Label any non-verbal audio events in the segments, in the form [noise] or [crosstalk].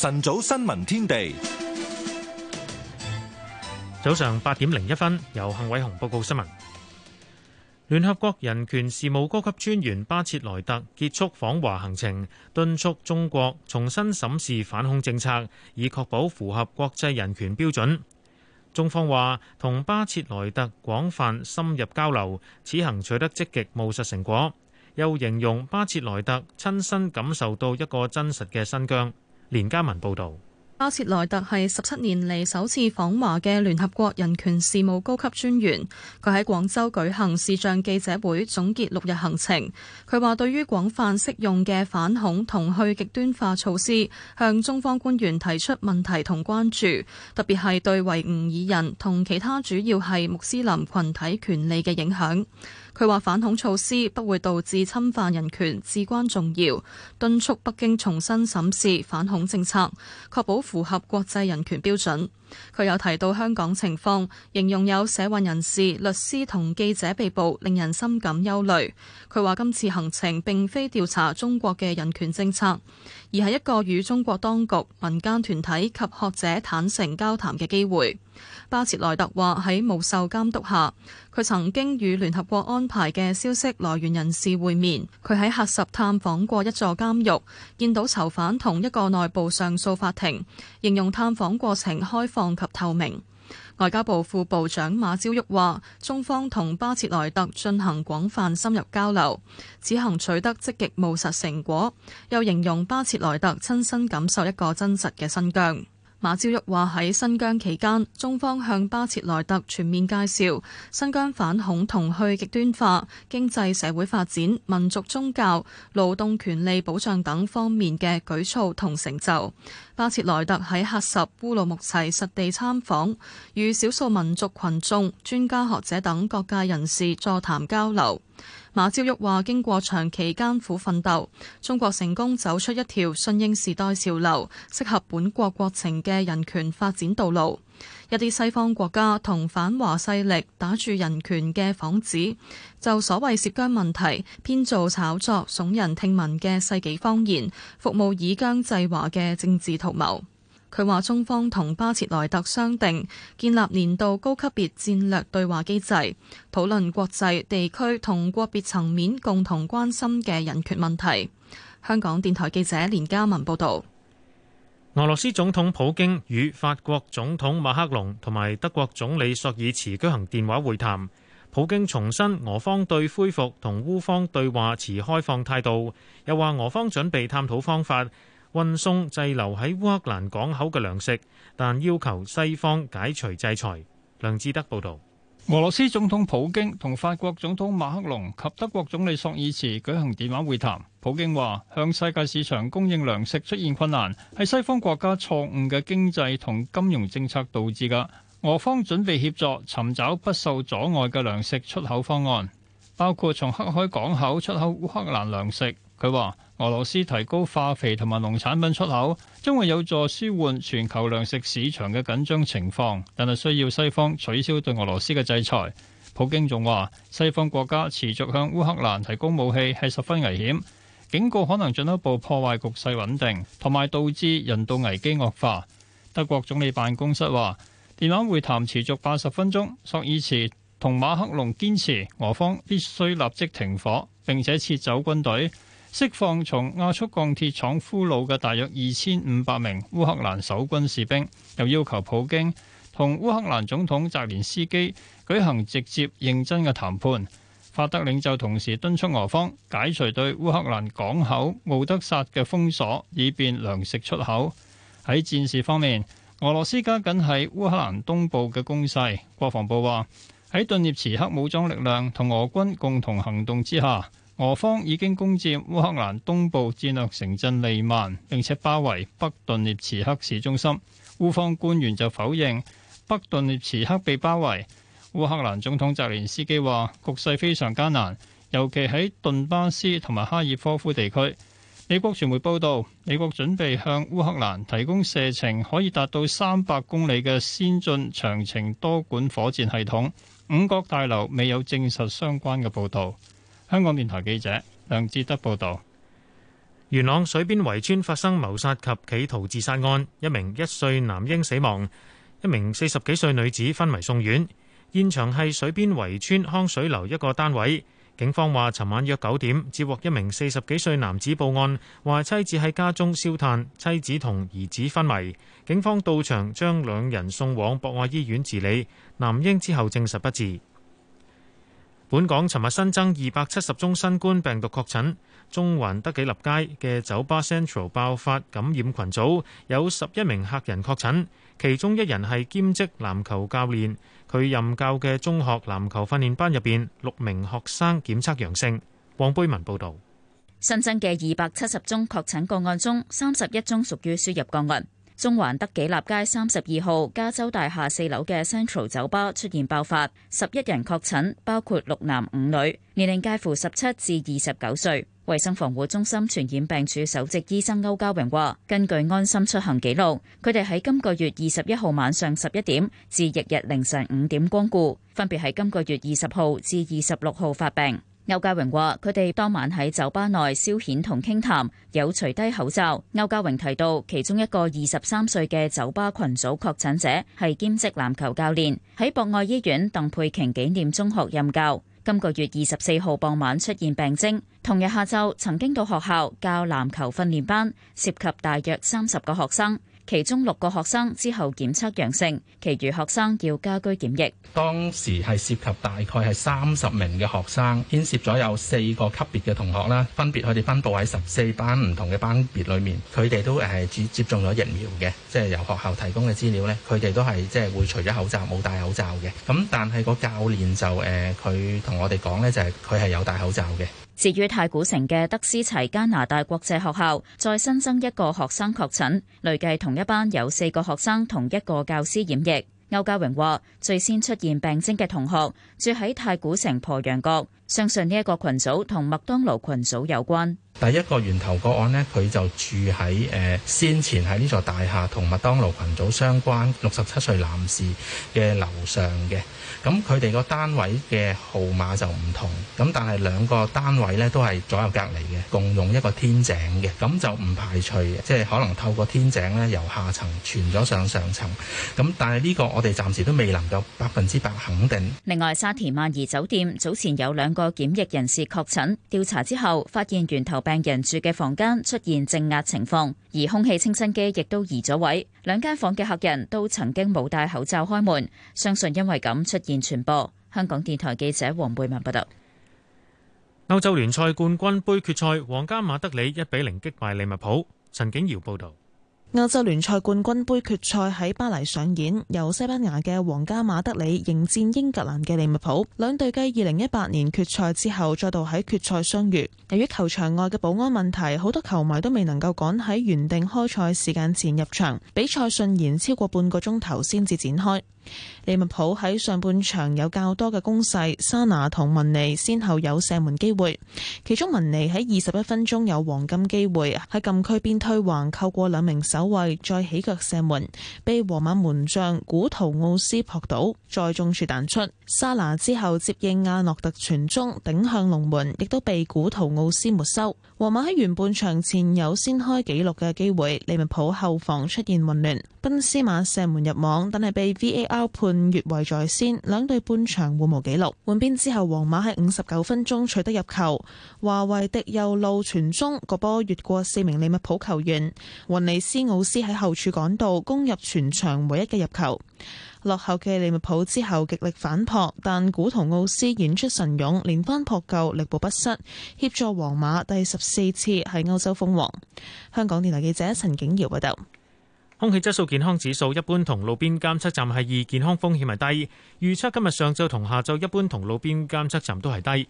晨早新聞天地，早上八點零一分，由幸偉雄報告新聞。聯合國人權事務高級專員巴切萊特結束訪華行程，敦促中國重新審視反恐政策，以確保符合國際人權標準。中方話同巴切萊特廣泛深入交流，此行取得積極務實成果。又形容巴切萊特親身感受到一個真實嘅新疆。連家文報道，巴切萊特係十七年嚟首次訪華嘅聯合國人權事務高級專員。佢喺廣州舉行視像記者會，總結六日行程。佢話對於廣泛適用嘅反恐同去極端化措施，向中方官員提出問題同關注，特別係對維吾爾人同其他主要係穆斯林群體權利嘅影響。佢話反恐措施不會導致侵犯人權，至關重要。敦促北京重新審視反恐政策，確保符合國際人權標準。佢有提到香港情況，形容有社運人士、律師同記者被捕，令人深感憂慮。佢話今次行程並非調查中國嘅人權政策，而係一個與中國當局、民間團體及學者坦誠交談嘅機會。巴切萊特話喺無受監督下，佢曾經與聯合國安排嘅消息來源人士會面。佢喺喀什探訪過一座監獄，見到囚犯同一個內部上訴法庭。形容探訪過程開放及透明。外交部副部長馬朝旭話：中方同巴切萊特進行廣泛深入交流，此行取得積極務實成果。又形容巴切萊特親身感受一個真實嘅新疆。馬朝旭話喺新疆期間，中方向巴切萊特全面介紹新疆反恐同去極端化、經濟社會發展、民族宗教、勞動權利保障等方面嘅舉措同成就。巴切萊特喺喀什、烏魯木齊實地參訪，與少數民族群眾、專家學者等各界人士座談交流。馬朝旭話：經過長期艱苦奮鬥，中國成功走出一條順應時代潮流、適合本國國情嘅人權發展道路。一啲西方國家同反華勢力打住人權嘅幌子，就所謂涉疆問題，編造炒作、聳人聽聞嘅世紀謊言，服務以疆制華嘅政治圖謀。佢話：中方同巴切萊特商定建立年度高級別戰略對話機制，討論國際、地區同國別層面共同關心嘅人權問題。香港電台記者連嘉文報導。俄羅斯總統普京與法國總統馬克龍同埋德國總理索爾茨舉行電話會談。普京重申俄方對恢復同烏方對話持開放態度，又話俄方準備探討方法。運送滯留喺烏克蘭港口嘅糧食，但要求西方解除制裁。梁志德報道，俄羅斯總統普京同法國總統馬克龍及德國總理索爾茨舉行電話會談。普京話：向世界市場供應糧食出現困難，係西方國家錯誤嘅經濟同金融政策導致㗎。俄方準備協助尋找不受阻礙嘅糧食出口方案，包括從黑海港口出口烏克蘭糧食。佢話：俄羅斯提高化肥同埋農產品出口，將會有助舒緩全球糧食市場嘅緊張情況，但係需要西方取消對俄羅斯嘅制裁。普京仲話：西方國家持續向烏克蘭提供武器係十分危險，警告可能進一步破壞局勢穩定，同埋導致人道危機惡化。德國總理辦公室話：電話會談持續八十分鐘，索爾茨同馬克龍堅持俄方必須立即停火並且撤走軍隊。釋放從亞速鋼鐵廠俘虜嘅大約二千五百名烏克蘭守軍士兵，又要求普京同烏克蘭總統澤連斯基舉行直接認真嘅談判。法德領袖同時敦促俄方解除對烏克蘭港口敖德薩嘅封鎖，以便糧食出口。喺戰事方面，俄羅斯加緊喺烏克蘭東部嘅攻勢。國防部話喺頓涅茨克武裝力量同俄軍共同行動之下。俄方已經攻占烏克蘭東部戰略城鎮利曼，並且包圍北頓涅茨克市中心。烏方官員就否認北頓涅茨克被包圍。烏克蘭總統澤連斯基話：局勢非常艱難，尤其喺頓巴斯同埋哈爾科夫地區。美國傳媒報道，美國準備向烏克蘭提供射程可以達到三百公里嘅先進長程多管火箭系統。五角大樓未有證實相關嘅報道。香港電台記者梁志德報道：元朗水邊圍村發生謀殺及企圖自殺案，一名一歲男嬰死亡，一名四十幾歲女子昏迷送院。現場係水邊圍村康水樓一個單位。警方話，尋晚約九點接獲一名四十幾歲男子報案，話，妻子喺家中燒炭，妻子同兒子昏迷。警方到場將兩人送往博愛醫院治理，男嬰之後證實不治。本港尋日新增二百七十宗新冠病毒確診，中環德己立街嘅酒吧 Central 爆發感染群組，有十一名客人確診，其中一人係兼職籃球教練，佢任教嘅中學籃球訓練班入邊六名學生檢測陽性。黃貝文報導，新增嘅二百七十宗確診個案中，三十一宗屬於輸入個案。中環德己立街三十二號加州大廈四樓嘅 Central 酒吧出現爆發，十一人確診，包括六男五女，年齡介乎十七至二十九歲。衛生防護中心傳染病處首席醫生歐家榮話，根據安心出行記錄，佢哋喺今個月二十一號晚上十一點至翌日凌晨五點光顧，分別喺今個月二十號至二十六號發病。歐家榮話：佢哋當晚喺酒吧內消遣同傾談，有除低口罩。歐家榮提到，其中一個二十三歲嘅酒吧群組確診者係兼職籃球教練，喺博愛醫院鄧佩瓊紀念中學任教。今個月二十四號傍晚出現病徵，同日下晝曾經到學校教籃球訓練班，涉及大約三十個學生。其中六個學生之後檢測陽性，其餘學生要家居檢疫。當時係涉及大概係三十名嘅學生，牽涉咗有四個級別嘅同學啦，分別佢哋分佈喺十四班唔同嘅班別裏面。佢哋都誒接接種咗疫苗嘅，即係由學校提供嘅資料呢，佢哋都係即係會除咗口罩冇戴口罩嘅。咁但係個教練就誒，佢同我哋講呢，就係佢係有戴口罩嘅。至於太古城嘅德思齊加拿大國際學校，再新增一個學生確診，累計同一班有四個學生同一個教師染疫。歐家榮話，最先出現病徵嘅同學住喺太古城鄱陽閣，相信呢一個群組同麥當勞群組有關。第一個源頭個案呢，佢就住喺誒、呃、先前喺呢座大廈同麥當勞群組相關六十七歲男士嘅樓上嘅，咁佢哋個單位嘅號碼就唔同，咁但係兩個單位呢都係左右隔離嘅，共用一個天井嘅，咁就唔排除即係、就是、可能透過天井呢由下層傳咗上上層，咁但係呢個我哋暫時都未能夠百分之百肯定。另外，沙田萬怡酒店早前有兩個檢疫人士確診，調查之後發現源頭病人住嘅房間出現正壓情況，而空氣清新機亦都移咗位。兩間房嘅客人都曾經冇戴口罩開門，相信因為咁出現傳播。香港電台記者黃貝文報道。歐洲聯賽冠軍盃決賽，皇家馬德里一比零擊敗利物浦。陳景堯報道。歐洲聯賽冠軍杯決賽喺巴黎上演，由西班牙嘅皇家馬德里迎戰英格蘭嘅利物浦。兩隊繼二零一八年決賽之後，再度喺決賽相遇。由於球場外嘅保安問題，好多球迷都未能夠趕喺原定開賽時間前入場，比賽順延超過半個鐘頭先至展開。利物浦喺上半場有較多嘅攻勢，莎拿同文尼先後有射門機會，其中文尼喺二十一分鐘有黃金機會，喺禁區邊推橫，扣過兩名守衛再起腳射門，被皇馬門將古圖奧斯撲倒，再中柱彈出。莎拿之後接應阿諾特傳中，頂向龍門，亦都被古圖奧斯沒收。皇馬喺完半場前有先開紀錄嘅機會，利物浦後防出現混亂，賓斯馬射門入網，但係被 VAR。判越位在先，兩隊半場互無紀錄。換邊之後，皇馬喺五十九分鐘取得入球，華維迪右路傳中，個波越過四名利物浦球員，雲尼斯奧斯喺後處趕到，攻入全場唯一嘅入球。落後嘅利物浦之後極力反撲，但古圖奧斯演出神勇，連番撲救，力保不失，協助皇馬第十四次喺歐洲封王。香港電台記者陳景瑤報道。空氣質素健康指數一般，同路邊監測站係二，健康風險係低。預測今日上晝同下晝一般，同路邊監測站都係低。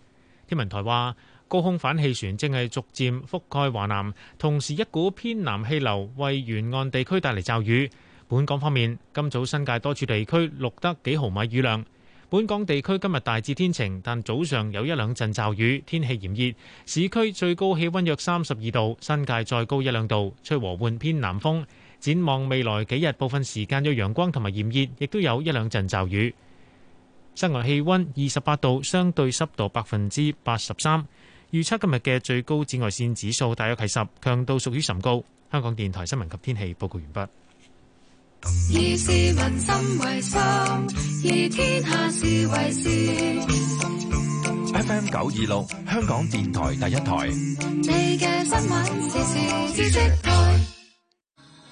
天文台話，高空反氣旋正係逐漸覆蓋華南，同時一股偏南氣流為沿岸地區帶嚟驟雨。本港方面，今早新界多處地區錄得幾毫米雨量。本港地區今日大致天晴，但早上有一兩陣驟雨，天氣炎熱，市區最高氣溫約三十二度，新界再高一兩度，吹和緩偏南風。展望未來幾日，部分時間有陽光同埋炎熱，亦都有一兩陣驟雨。室外氣溫二十八度，相對濕度百分之八十三。預測今日嘅最高紫外線指數大約係十，強度屬於甚高。香港電台新聞及天氣報告完畢。以民心為心，以天下事為事。FM 九二六， [noise] Lin 26, 香港電台第一台。 [noise]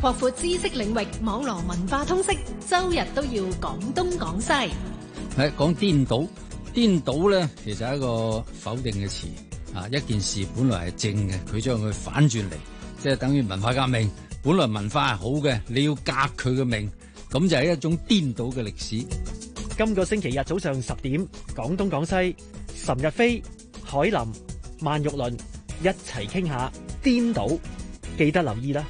擴闊知識領域，網絡文化通識，周日都要講東講西。係講顛倒，顛倒咧，其實係一個否定嘅詞啊！一件事本來係正嘅，佢將佢反轉嚟，即係等於文化革命。本來文化係好嘅，你要革佢嘅命，咁就係一種顛倒嘅歷史。今個星期日早上十點，廣東廣西，岑日飛、海林、萬玉倫一齊傾下顛倒，記得留意啦。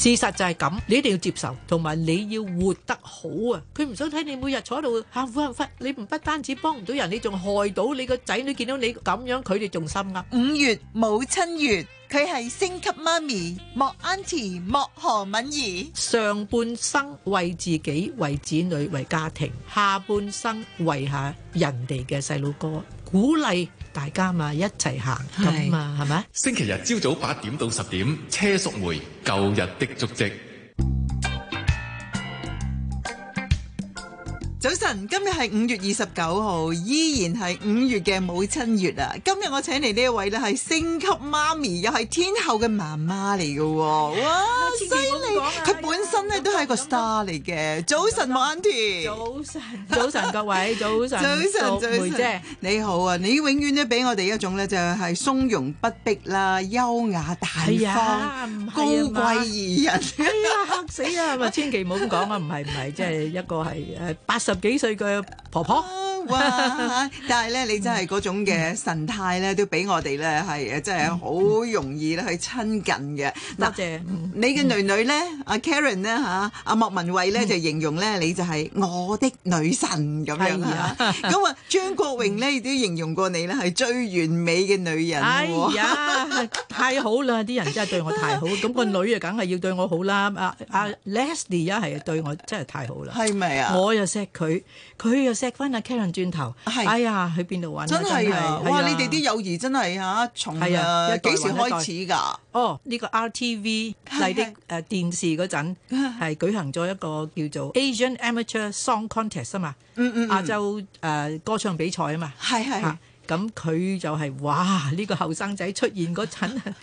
事實就係咁，你一定要接受，同埋你要活得好啊！佢唔想睇你每日坐喺度，喊苦喊忽你，唔不單止幫唔到人，你仲害到你個仔女見到你咁樣，佢哋仲心啊。五月母親月，佢係升級媽咪，莫安琪莫何敏儀，上半生為自己、為子女、為家庭，下半生為下，人哋嘅細路哥，鼓勵。大家嘛一齊行咁啊，係咪？是吧星期日朝早八點到十點，車淑梅《舊日的足迹》。早晨，今日係五月二十九號，依然係五月嘅母親月啊！今日我請嚟呢一位咧，係星級媽咪，又係天后嘅媽媽嚟嘅，哇犀利！佢本身咧，都係一個 star 嚟嘅。早晨，萬田。早晨。早晨，各位早晨。早晨，早晨。你好啊，你永遠都俾我哋一種咧，就係從容不迫啦，優雅大方，高貴宜人。哎呀，嚇死啊！咪千祈唔好咁講啊，唔係唔係，即係一個係誒八十。十幾歲嘅婆婆。哇！但係咧，你真係嗰種嘅神態咧，都俾我哋咧係真係好容易咧去親近嘅。多謝你嘅女女咧，阿 Karen 咧嚇，阿莫文蔚咧就形容咧你就係我的女神咁樣啊！咁啊，張國榮咧亦都形容過你咧，係最完美嘅女人。哎呀，太好啦！啲人真係對我太好，咁個女啊，梗係要對我好啦。阿阿 Leslie 一係對我真係太好啦，係咪啊？我又錫佢，佢又錫翻阿 Karen。轉頭係，是哎呀，去邊度玩？真係啊！呀是哇，哇你哋啲友誼真係啊，從幾時開始㗎？哦，呢、這個 RTV 第啲誒電視嗰陣係舉行咗一個叫做 Asian Amateur Song Contest 啊嘛，亞洲誒、呃、歌唱比賽啊嘛，係係是。咁佢、啊、就係、是、哇！呢、這個後生仔出現嗰陣是，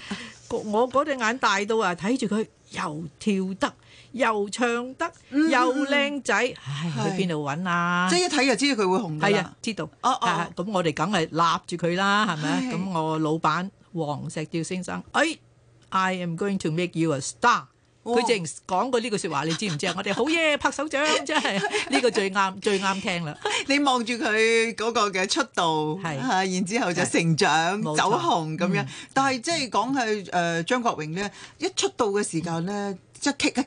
我嗰隻眼大到啊，睇住佢又跳得，又唱得又靚仔，去邊度揾啊？即係一睇就知道佢會紅㗎啦，知道。哦哦，咁我哋梗係揦住佢啦，係咪啊？咁我老闆黃石照先生，哎，I am going to make you a star。佢直情講過呢句説話，你知唔知啊？我哋好嘢，拍手掌，真係呢個最啱最啱聽啦。你望住佢嗰個嘅出道係，然之後就成長走紅咁樣。但係即係講係誒張國榮咧，一出道嘅時間咧，即係劇。